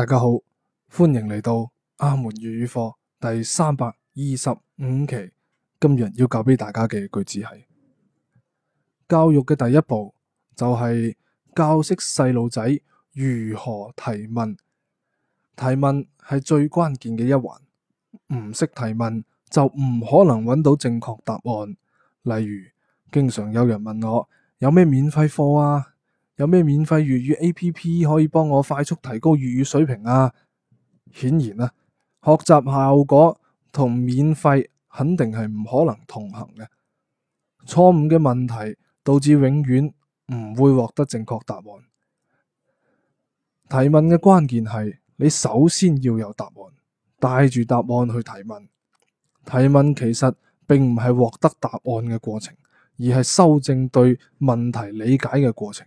大家好，歡迎嚟到阿門粵語課第三百二十五期。今日要教俾大家嘅句子係：教育嘅第一步就係教識細路仔如何提問，提問係最關鍵嘅一環。唔識提問就唔可能揾到正確答案。例如，經常有人問我有咩免費課啊？有咩免費粵語 App 可以幫我快速提高粵語水平啊？顯然啊，學習效果同免費肯定係唔可能同行嘅。錯誤嘅問題導致永遠唔會獲得正確答案。提問嘅關鍵係你首先要有答案，帶住答案去提問。提問其實並唔係獲得答案嘅過程，而係修正對問題理解嘅過程。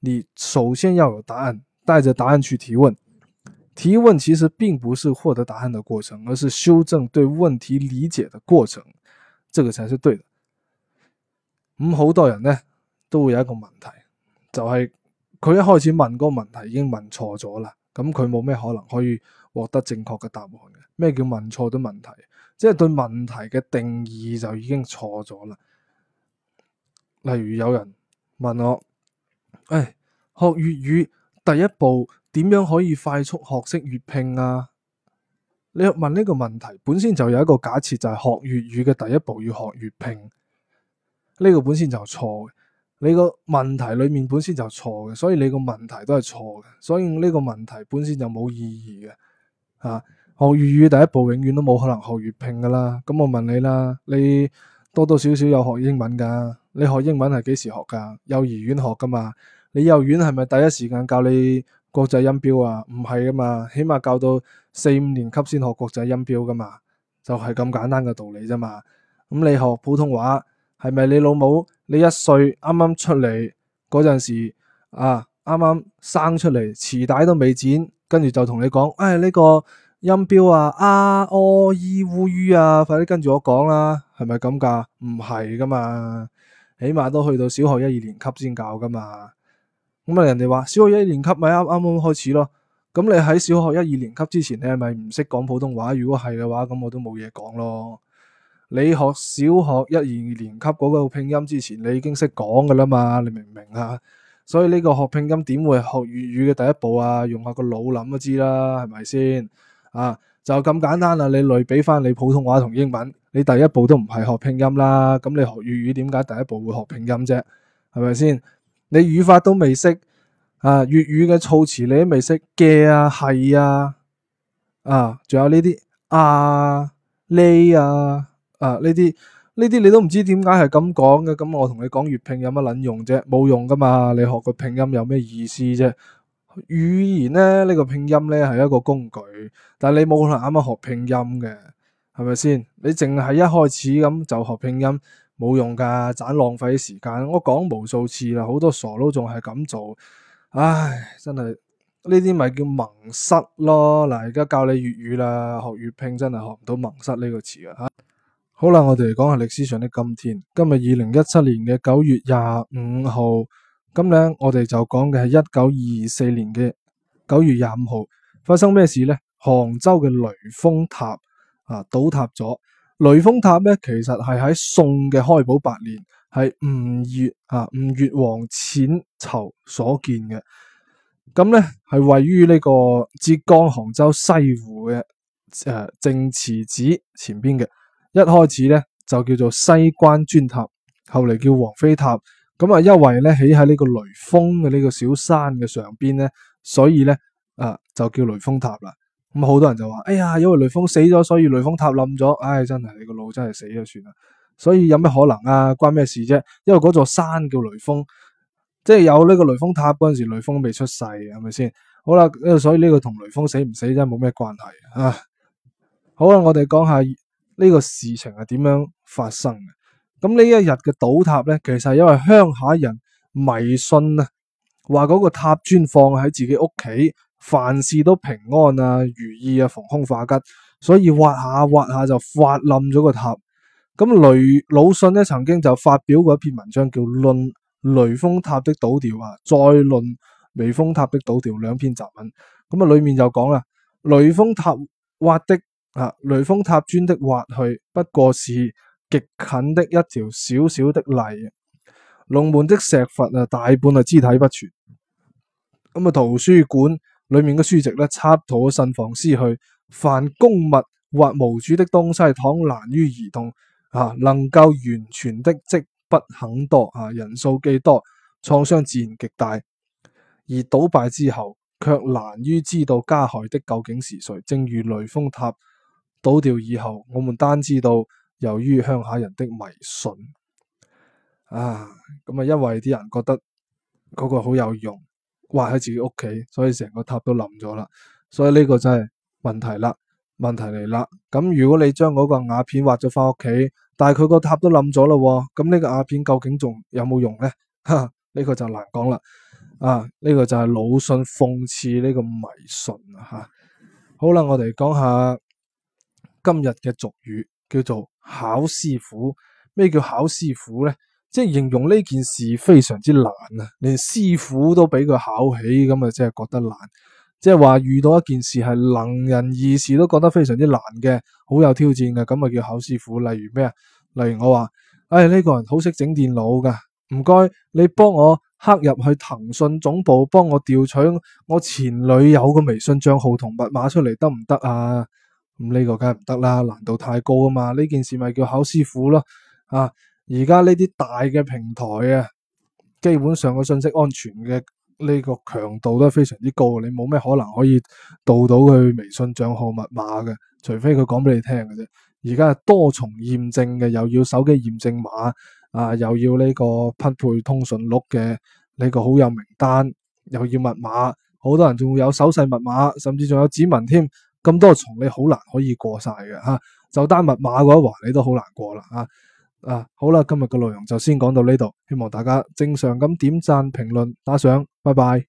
你首先要有答案，帶着答案去提問。提問其實並不是獲得答案的過程，而是修正對問題理解的過程，這個才是對的。咁、嗯、好多人呢都會有一個問題，就係、是、佢一開始問個問題已經問錯咗啦，咁佢冇咩可能可以獲得正確嘅答案嘅。咩叫問錯咗問題？即係對問題嘅定義就已經錯咗啦。例如有人問我。誒，學粵語第一步點樣可以快速學識粵拼啊？你要問呢個問題，本身就有一個假設，就係學粵語嘅第一步要學粵拼，呢個本身就係錯嘅。你個問題裏面本身就係錯嘅，所以你個問題都係錯嘅，所以呢個問題本身就冇意義嘅。啊，學粵語第一步永遠都冇可能學粵拼噶啦。咁我問你啦，你，多多少少有學英文噶，你學英文係幾時學噶？幼兒園學噶嘛？你幼兒園係咪第一時間教你國際音標啊？唔係噶嘛，起碼教到四五年級先學國際音標噶嘛，就係咁簡單嘅道理啫嘛。咁你學普通話係咪你老母你一歲啱啱出嚟嗰陣時啊，啱啱生出嚟，磁帶都未剪，跟住就同你講，唉，呢個。音標啊，啊、哦、依、烏、于啊，快啲跟住我講啦，係咪咁噶？唔係噶嘛，起碼都去到小學一二年級先教噶嘛。咁、嗯、啊，人哋話小學一二年級咪啱啱啱開始咯。咁、嗯、你喺小學一二年級之前你係咪唔識講普通話？如果係嘅話，咁我都冇嘢講咯。你學小學一二,二年級嗰個拼音之前，你已經識講噶啦嘛？你明唔明啊？所以呢個學拼音點會學粵語嘅第一步啊？用下個腦諗都知啦，係咪先？啊，就咁簡單啦，啊！你類比翻你普通話同英文，你第一步都唔係學拼音啦。咁你學粵語點解第一步會學拼音啫？係咪先？你語法都未識啊，粵語嘅措辭你都未識嘅啊，係啊啊，仲有呢啲啊呢，啊啊，呢啲呢啲你都唔知點解係咁講嘅。咁我同你講粵拼有乜撚用啫？冇用噶嘛！你學個拼音有咩意思啫？語言咧呢、呢個拼音呢係一個工具，但係你冇可能啱啱學拼音嘅，係咪先？你淨係一開始咁就學拼音冇用噶盞浪費時間。我講無數次啦，好多傻佬仲係咁做，唉，真係呢啲咪叫盲塞咯。嗱，而家教你粵語啦，學粵拼真係學唔到盲塞呢個詞嘅吓。好啦，我哋嚟講下歷史上的今天，今日二零一七年嘅九月廿五號。咁咧，我哋就講嘅係一九二四年嘅九月廿五號發生咩事咧？杭州嘅雷峰塔啊倒塌咗。雷峰塔咧，其實係喺宋嘅開寶八年，係吳越啊吳越王錢俶所建嘅。咁咧係位於呢個浙江、杭州西湖嘅誒淨慈寺前邊嘅。一開始咧就叫做西關磚塔，後嚟，叫黃妃塔。咁啊，因為咧起喺呢個雷峰嘅呢個小山嘅上邊咧，所以咧啊就叫雷峰塔啦。咁好多人就話：哎呀，因為雷鋒死咗，所以雷峰塔冧咗。唉，真係你個腦真係死咗算啦。所以有咩可能啊？關咩事啫？因為嗰座山叫雷峰，即係有呢個雷峰塔嗰陣時，雷鋒未出世，係咪先？好啦，所以呢個同雷鋒死唔死真係冇咩關係啊。好啦，我哋講下呢個事情係點樣發生嘅。咁呢一日嘅倒塌咧，其實係因為鄉下人迷信啊，話嗰個塔磚放喺自己屋企，凡事都平安啊、如意啊、逢凶化吉，所以挖下挖下就發冧咗個塔。咁雷魯迅咧曾經就發表過一篇文章叫《論雷峰塔的倒掉》啊，再論《雷峰塔的倒掉》兩篇雜文。咁啊，裡面就講啦，雷峰塔挖的啊，雷峰塔磚的挖去不過是。極近的一條小小的泥龍門的石佛啊，大半係肢體不全。咁啊，圖書館裡面嘅書籍咧，插圖慎防撕去。凡公物或無主的東西，倘難於移動啊，能夠完全的即不肯多啊，人數既多，創傷自然極大。而倒敗之後，卻難於知道加害的究竟是誰。正如雷峰塔倒掉以後，我們單知道。由於鄉下人的迷信啊，咁啊，因為啲人覺得嗰個好有用，挖喺自己屋企，所以成個塔都冧咗啦。所以呢個真係問題啦，問題嚟啦。咁如果你將嗰個瓦片挖咗翻屋企，但係佢個塔都冧咗啦，咁呢個瓦片究竟仲有冇用呢？呢個就難講啦。啊，呢個就係魯迅諷刺呢個迷信啊！嚇，好啦，我哋講下今日嘅俗語，叫做，考師傅，咩叫考師傅呢？即係形容呢件事非常之難啊，連師傅都俾佢考起，咁啊真係覺得難。即係話遇到一件事係能人易事都覺得非常之難嘅，好有挑戰嘅，咁啊叫考師傅。例如咩啊？例如我話，誒，呢個人好識整電腦噶，唔該，你幫我刻入去騰訊總部，幫我調取我前女友個微信賬號同密碼出嚟，得唔得啊？咁呢個梗係唔得啦，難度太高啊嘛！呢件事咪叫考師傅咯，啊！而家呢啲大嘅平台啊，基本上個信息安全嘅呢個強度都係非常之高，你冇咩可能可以盜到佢微信帳號密碼嘅，除非佢講俾你聽嘅啫。而家多重驗證嘅，又要手機驗證碼啊，又要呢個匹配通訊錄嘅呢個好友名單，又要密碼，好多人仲會有手勢密碼，甚至仲有指紋添。咁多重你好難可以過晒嘅，吓，就單密碼一環你都好難過啦吓！啊好啦，今日嘅內容就先講到呢度，希望大家正常咁點讚、評論、打賞，拜拜。